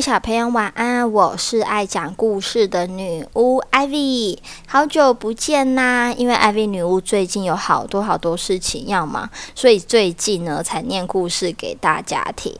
小朋友晚安，我是愛講故事的女巫 Ivy 好久不見啦，啊！因為 Ivy 女巫最近有好多好多事情要忙，所以最近呢才念故事給大家聽。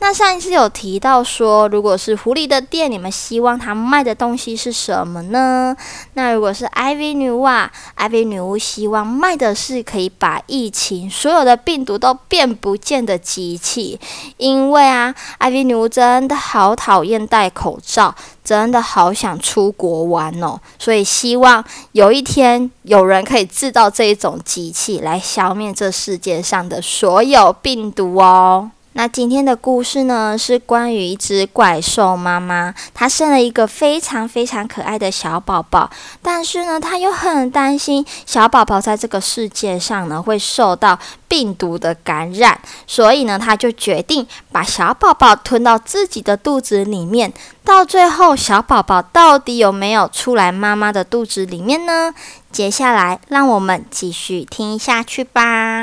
那上一次有提到說，如果是狐狸的店，你們希望他賣的東西是什麼呢？那如果是 Ivy 女巫啊，Ivy 女巫希望賣的是可以把疫情所有的病毒都變不見的機器，因為啊，Ivy 女巫真的好討厭戴口罩，真的好想出國玩哦。所以希望有一天有人可以制造這種機器來消滅這世界上的所有病毒哦。那今天的故事呢，是關於一隻怪獸媽媽，她生了一個非常非常可愛的小寶寶，但是呢，她又很擔心小寶寶在這個世界上呢會受到病毒的感染，所以呢，她就決定把小寶寶吞到自己的肚子裡面。到最後，小寶寶到底有沒有出來媽媽的肚子裡面呢？接下來，讓我們繼續聽下去吧。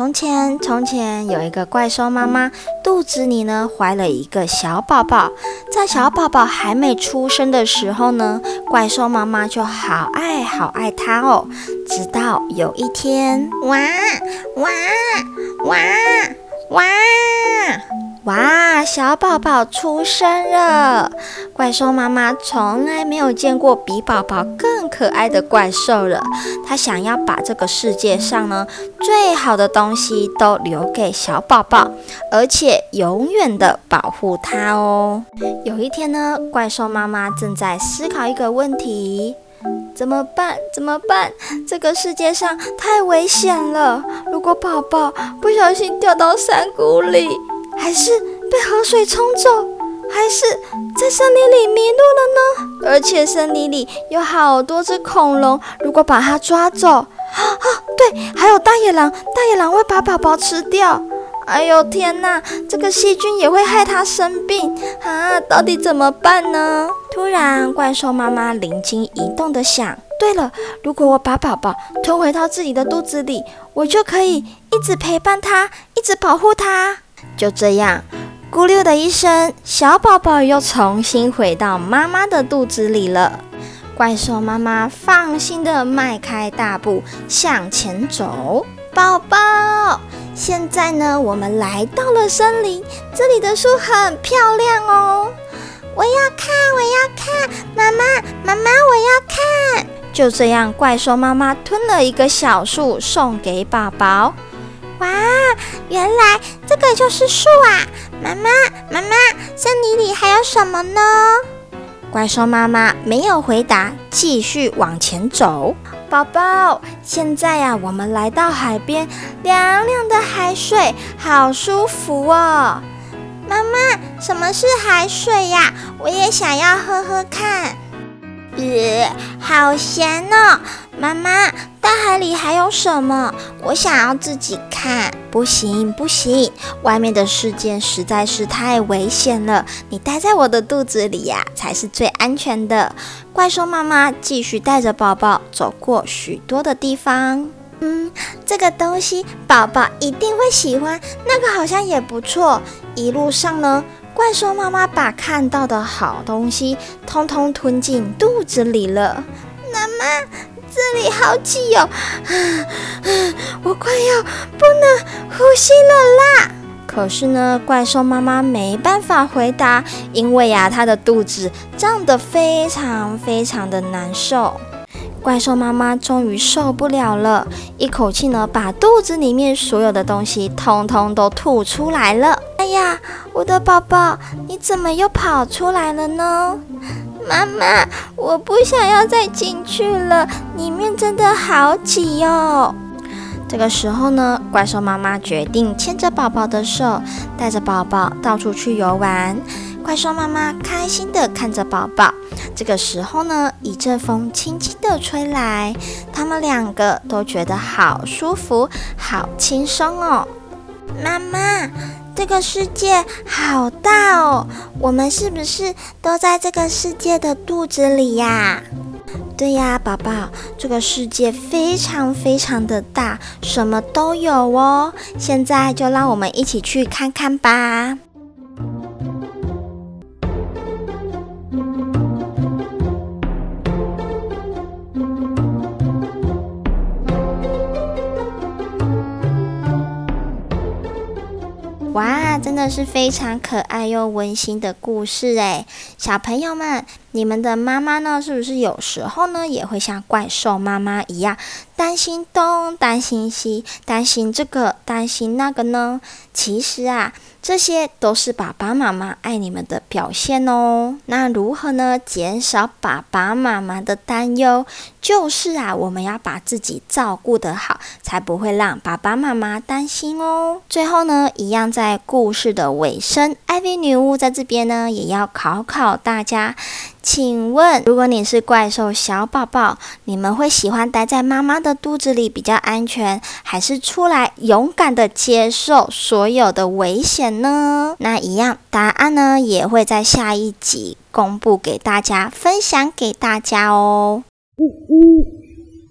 從前，從前有一個怪獸媽媽，肚子裡呢懷了一個小寶寶。在小寶寶還沒出生的時候呢，怪獸媽媽就好愛好愛她哦。直到有一天，哇哇哇哇！哇哇哇，小寶寶出生了！怪獸媽媽從來沒有見過比寶寶更可愛的怪獸了。她想要把這個世界上呢最好的東西都留給小寶寶，而且永遠的保護他哦。有一天呢，怪獸媽媽正在思考一個問題：怎麼辦？怎麼辦？這個世界上太危險了，如果寶寶不小心掉到山谷裡……還是被河水沖走，還是在森林裡迷路了呢？而且森林裡有好多隻恐龍，如果把它抓走，啊，對，還有大野狼，大野狼會把寶寶吃掉。哎呦天哪，這個細菌也會害它生病啊！到底怎麼辦呢？突然，怪獸媽媽靈機一動的想：對了，如果我把寶寶吞回到自己的肚子裡，我就可以一直陪伴它，一直保護它。就這樣，咕溜的一聲，小寶寶又重新回到媽媽的肚子裡了。怪獸媽媽放心地邁開大步向前走。寶寶，現在呢，我們來到了森林，這裡的樹很漂亮哦。我要看，我要看，媽媽，媽媽，我要看。就這樣，怪獸媽媽吞了一個小樹送給寶寶。哇，原來這個就是樹啊！媽媽，媽媽，森林裡還有什麼呢？怪獸媽媽沒有回答，繼續往前走。寶寶，現在呀、啊，我們來到海邊，涼涼的海水，好舒服哦！媽媽，什麼是海水呀、啊？我也想要喝喝看。嗯、好鹹哦，媽媽，大海裡還有什麼？我想要自己看。不行不行，外面的世界實在是太危險了，你待在我的肚子裡呀、啊、才是最安全的。怪獸媽媽繼續帶着寶寶走過許多的地方。嗯，這個東西寶寶一定會喜歡，那個好像也不錯。一路上呢。怪獸媽媽把看到的好東西通通吞進肚子裡了。媽媽，這裡好擠哦，我快要不能呼吸了啦！可是呢，怪獸媽媽沒辦法回答，因為呀，啊，她的肚子脹得非常非常的難受。怪獸媽媽終於受不了了，一口氣呢，把肚子裡面所有的東西通通都吐出來了。哎呀，我的寶寶，你怎麼又跑出來了呢？媽媽，我不想要再進去了，裡面真的好擠喲、哦。這個時候呢，怪獸媽媽決定牽着寶寶的手，帶着寶寶到處去遊玩。怪獸媽媽開心地看着寶寶。這個時候呢，一陣風輕輕地吹來，他們兩個都覺得好舒服，好輕鬆哦。媽媽，這個世界好大哦，我們是不是都在這個世界的肚子裡呀？對呀，寶寶，這個世界非常非常的大，什麼都有哦。現在就讓我們一起去看看吧。那是非常可愛又溫馨的故事哎，小朋友們，你們的媽媽呢？是不是有時候呢，也會像怪獸媽媽一樣？擔心東，擔心西，擔心這個，擔心那個呢？其實啊，這些都是爸爸媽媽愛你們的表現哦。那如何呢？減少爸爸媽媽的擔憂，就是啊，我們要把自己照顧得好，才不會讓爸爸媽媽擔心哦。最後呢，一樣在故事的尾聲，艾薇女巫在這邊呢，也要考考大家。請問，如果你是怪獸小寶寶，你們會喜歡待在媽媽的肚子裡比較安全，還是出來勇敢地接受所有的危險呢？那一樣答案呢，也會在下一集公布給大家，分享給大家哦。嗯嗯。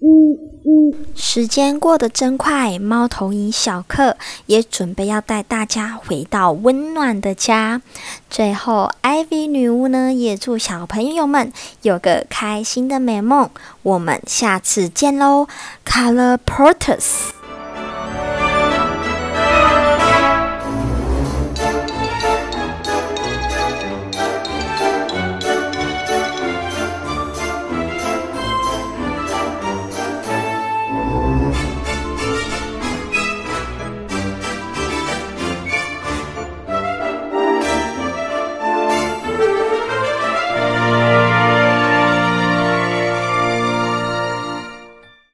嗚嗚，嗯嗯、時間過得真快，貓頭鷹小克也準備要帶大家回到溫暖的家。最後，IVY 女巫呢也祝小朋友們有個開心的美夢。我們下次見嘍，Colloportus。